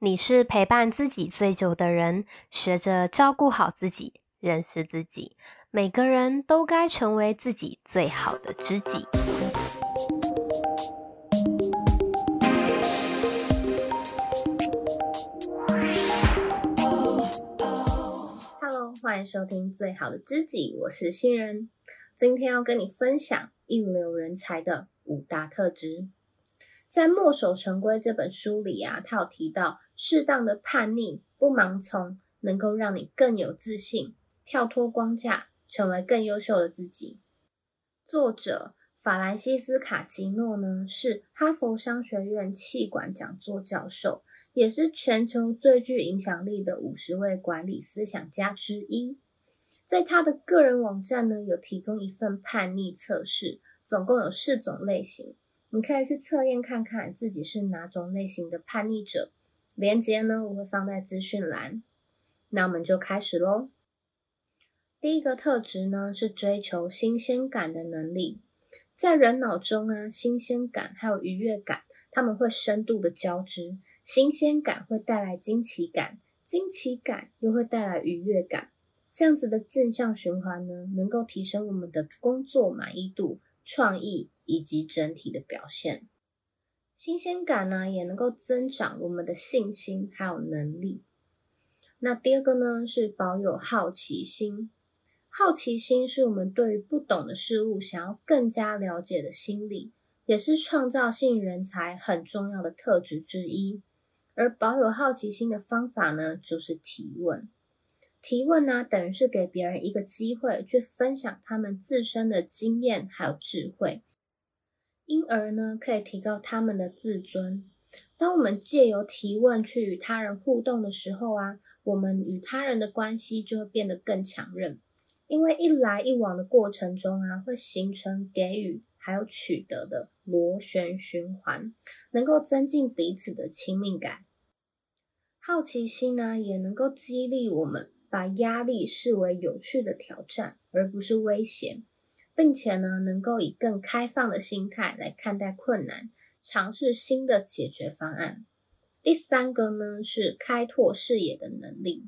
你是陪伴自己最久的人，學着照顧好自己，認識自己。每個人都該成為自己最好的知己。Hello，歡迎收聽《最好的知己》，我是新人，今天要跟你分享一流人才的五大特質。在《莫守成規》這本書裡啊，他有提到。適當的叛逆，不盲從，能夠讓你更有自信，跳脫框架，成為更優秀的自己。作者法蘭西斯卡吉諾呢，是哈佛商學院企管講座教授，也是全球最具影響力的五十位管理思想家之一。在他的個人網站呢，有提供一份叛逆測試，總共有四種類型，你可以去測驗看看自己是哪種類型的叛逆者。連接呢，我會放在資訊欄。那我們就開始嘍。第一個特質呢，是追求新鮮感的能力。在人腦中啊，新鮮感還有愉悅感，它們會深度的交織。新鮮感會帶來驚奇感，驚奇感又會帶來愉悅感。這樣子的正向循環呢，能夠提升我們的工作滿意度、創意以及整體的表現。新鮮感呢，也能夠增長我們的信心還有能力。那第二個呢，是保有好奇心。好奇心是我們對於不懂的事物想要更加了解的心理，也是創造性人才很重要的特質之一。而保有好奇心的方法呢，就是提問。提問呢，等於是給別人一個機會去分享他們自身的經驗還有智慧。因而呢，可以提高他們的自尊。當我們借由提問去與他人互動的時候啊，我們與他人的關係就會變得更強韌。因為一來一往的過程中啊，會形成給予還有取得的螺旋循環，能夠增進彼此的親密感。好奇心呢、啊，也能夠激勵我們把壓力視為有趣的挑戰，而不是危險。並且呢，能夠以更開放的心態來看待困難，嘗試新的解決方案。第三個呢，是開拓視野的能力。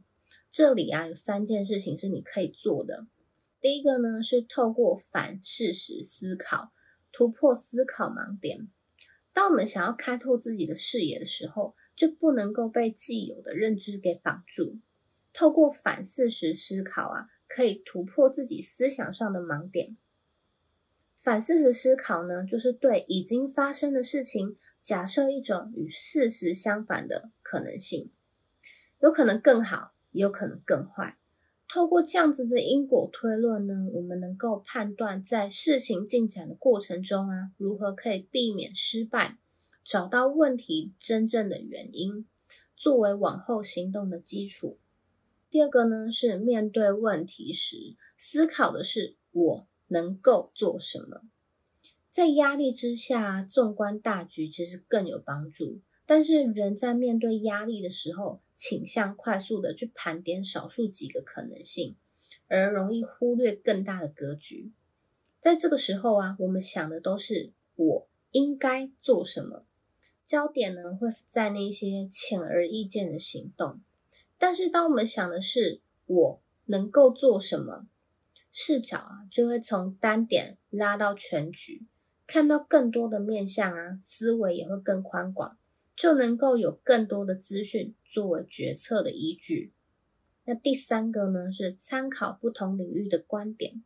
這裡啊，有三件事情是你可以做的。第一個呢，是透過反事實思考，突破思考盲點。當我們想要開拓自己的視野的時候，就不能夠被既有的認知給綁住。透過反事實思考啊，可以突破自己思想上的盲點。反思式思，思考呢，就是對已經發生的事情，假設一種與事實相反的可能性，有可能更好，也有可能更壞。透過這樣子的因果推論呢，我們能夠判斷在事情進展的過程中啊，如何可以避免失敗，找到問題真正的原因，作為往後行動的基礎。第二個呢，是面對問題時，思考的是我。能夠做什麼？在壓力之下，縱觀大局其實更有幫助。但是，人在面對壓力的時候，傾向快速的去盤點少數幾個可能性，而容易忽略更大的格局。在這個時候啊，我們想的都是我應該做什麼，焦點呢會在那些顯而易見的行動。但是，當我們想的是我能夠做什麼？視角啊，就會從單點拉到全局，看到更多的面向啊，思維也會更寬廣，就能夠有更多的資訊作為決策的依據。那第三個呢，是參考不同領域的觀點，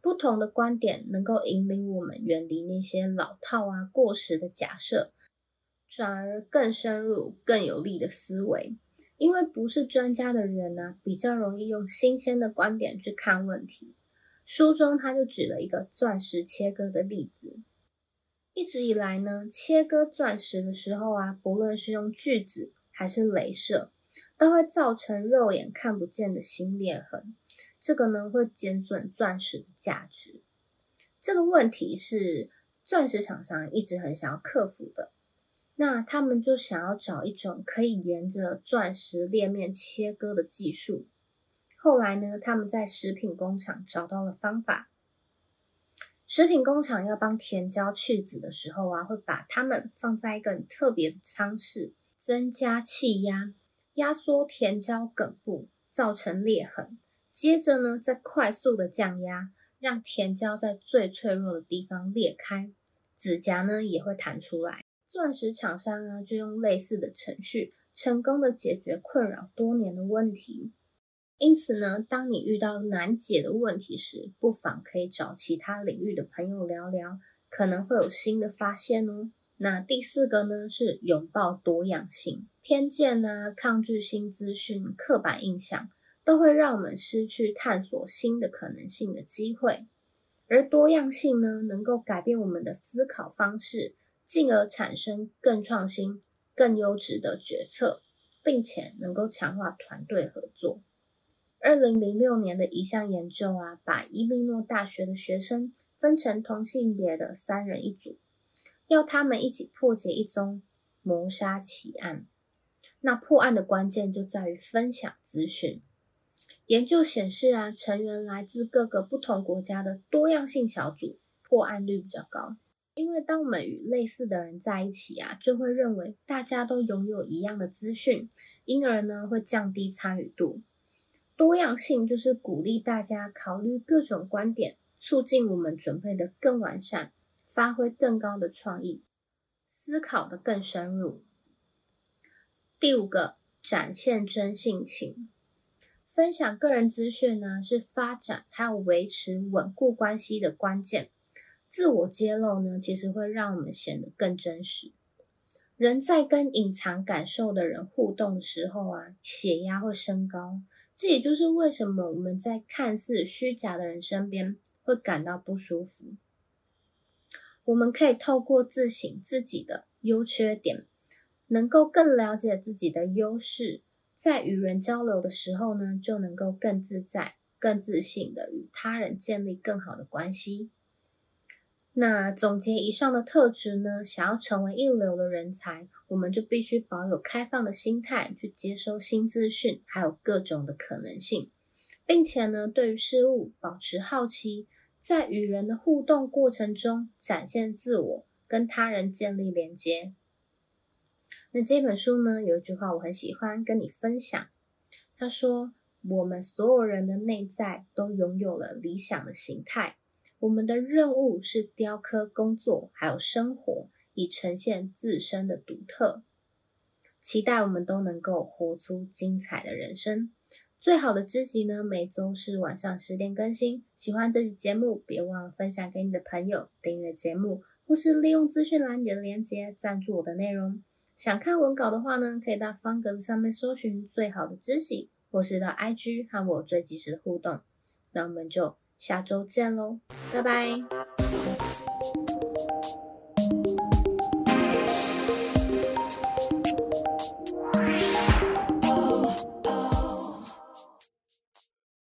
不同的觀點能夠引領我們遠離那些老套啊、過時的假設，轉而更深入、更有力的思維。因為不是專家的人呢、啊，比較容易用新鮮的觀點去看問題。書中他就舉了一個鑽石切割的例子。一直以來呢，切割鑽石的時候啊，不論是用鋸子還是鐳射，都會造成肉眼看不見的新裂痕。這個呢，會減損鑽石的價值。這個問題是鑽石廠商一直很想要克服的。那他們就想要找一種可以沿着鑽石裂面切割的技術。後來呢，他們在食品工廠找到了方法。食品工廠要幫甜椒去籽的時候啊，會把它們放在一個很特別的艙室，增加氣壓，壓縮甜椒梗部，造成裂痕。接着呢，再快速的降壓，讓甜椒在最脆弱的地方裂開，籽莢呢也會彈出來。鑽石廠商啊，就用類似的程序，成功的解決困擾多年的問題。因此呢，當你遇到難解的問題時，不妨可以找其他領域的朋友聊聊，可能會有新的發現哦。那第四個呢，是擁抱多樣性。偏見呢、啊，抗拒新資訊、刻板印象，都會讓我們失去探索新的可能性的機會。而多樣性呢，能夠改變我們的思考方式。進而產生更創新、更優質的決策，並且能夠強化團隊合作。二零零六年的一項研究啊，把伊利諾大學的學生分成同性別的三人一組，要他們一起破解一宗謀殺奇案。那破案的關鍵就在於分享資訊。研究顯示啊，成員來自各個不同國家的多樣性小組，破案率比較高。因為當我們與類似的人在一起啊，就會認為大家都擁有一樣的資訊，因而呢會降低參與度。多樣性就是鼓勵大家考慮各種觀點，促進我們準備得更完善，發揮更高的創意，思考得更深入。第五個，展現真性情，分享個人資訊呢是發展還有維持穩固關係的關鍵。自我揭露呢，其實會讓我們顯得更真實。人在跟隱藏感受的人互動的時候啊，血壓會升高。這也就是為什麼我們在看似虛假的人身邊會感到不舒服。我們可以透過自省自己的優缺點，能夠更了解自己的優勢，在與人交流的時候呢，就能夠更自在、更自信的與他人建立更好的關係。那總結以上的特質呢，想要成為一流的人才，我們就必須保有開放的心態，去接收新資訊，還有各種的可能性，並且呢，對於事物保持好奇，在與人的互動過程中展現自我，跟他人建立連接。那這本書呢，有一句話我很喜歡跟你分享，他說：“我們所有人的內在都擁有了理想的形態。”我們的任務是雕刻工作，還有生活，以呈現自身的獨特。期待我們都能夠活出精彩的人生。最好的知己呢，每週四晚上十點更新。喜歡這期節目，別忘了分享給你的朋友，訂閱節目，或是利用資訊欄裡的連結贊助我的內容。想看文稿的話呢，可以到方格子上面搜尋“最好的知己”，或是到 IG 和我最即時的互動。那我們就。下周見嘍，拜拜。